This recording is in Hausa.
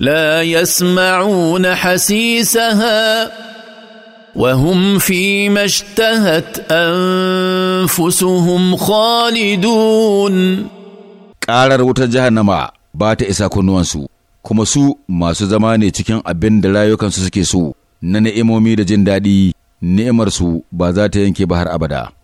لا يسمعون حسيسها وهم فيما اشتهت انفسهم خالدون ƙarar wutar jahannama ba ta isa kunnuwansu kuma su masu zama ne cikin abin da rayukansu suke so na ni'imomi da jin daɗi ni'imarsu ba za ta yanke ba har abada